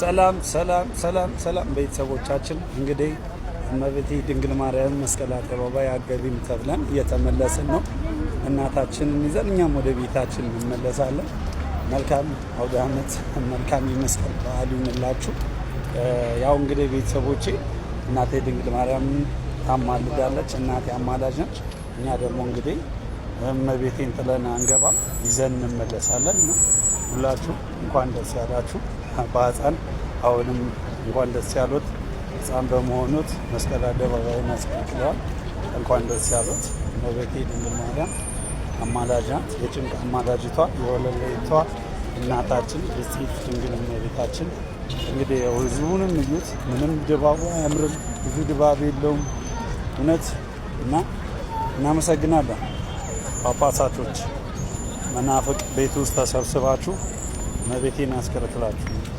ሰላም ሰላም ሰላም ሰላም ቤተሰቦቻችን፣ እንግዲህ እመቤቴ ድንግል ማርያም መስቀል አደባባይ አገቢም ተብለን እየተመለስን ነው። እናታችንን ይዘን እኛም ወደ ቤታችን እንመለሳለን። መልካም አውደ ዓመት፣ መልካም የመስቀል በዓል ይሁንላችሁ። ያው እንግዲህ ቤተሰቦቼ እናቴ ድንግል ማርያም ታማልዳለች። እናቴ አማላጅ ነች። እኛ ደግሞ እንግዲህ እመቤቴን ጥለን አንገባ፣ ይዘን እንመለሳለን ነው ሁላችሁ እንኳን ደስ ያላችሁ። በሕፃን አሁንም እንኳን ደስ ያሉት ህፃን በመሆኑት መስቀል አደባባይ አስቀጥለዋል። እንኳን ደስ ያሉት እመቤቴ ድንግል ማርያም አማላጃት የጭንቅ አማላጅቷ የወለለይቷ እናታችን የጽት ድንግል እመቤታችን እንግዲህ ህዝቡንም እዩት። ምንም ድባቡ አያምርም፣ ብዙ ድባብ የለውም እውነት እና እናመሰግናለን ጳጳሳቶች መናፍቅ ቤት ውስጥ ተሰብስባችሁ መቤቴን አስከልክላችሁ